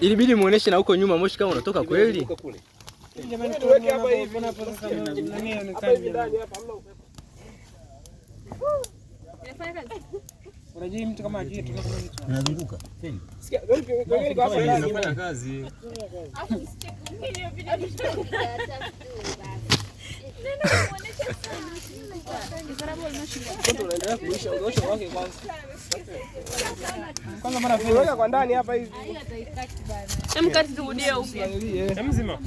Ilibidi muoneshe na huko nyuma moshi kama unatoka kweli. Unajua mtu kama ajui Kwanza kwa ndani hapa hivi. Hem, kati turudie upya. Hem, zima.